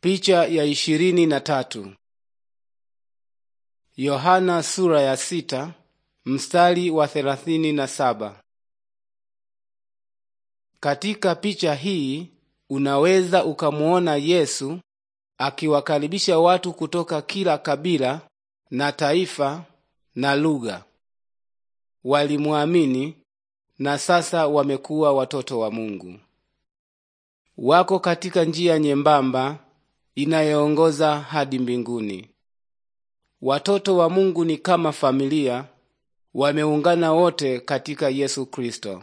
Picha ya ishirini na tatu. Yohana sura ya sita mstari wa thelathini na saba. Katika picha hii unaweza ukamwona Yesu akiwakaribisha watu kutoka kila kabila na taifa na lugha. Walimwamini na sasa wamekuwa watoto wa Mungu. Wako katika njia nyembamba inayoongoza hadi mbinguni. Watoto wa Mungu ni kama familia, wameungana wote katika Yesu Kristo.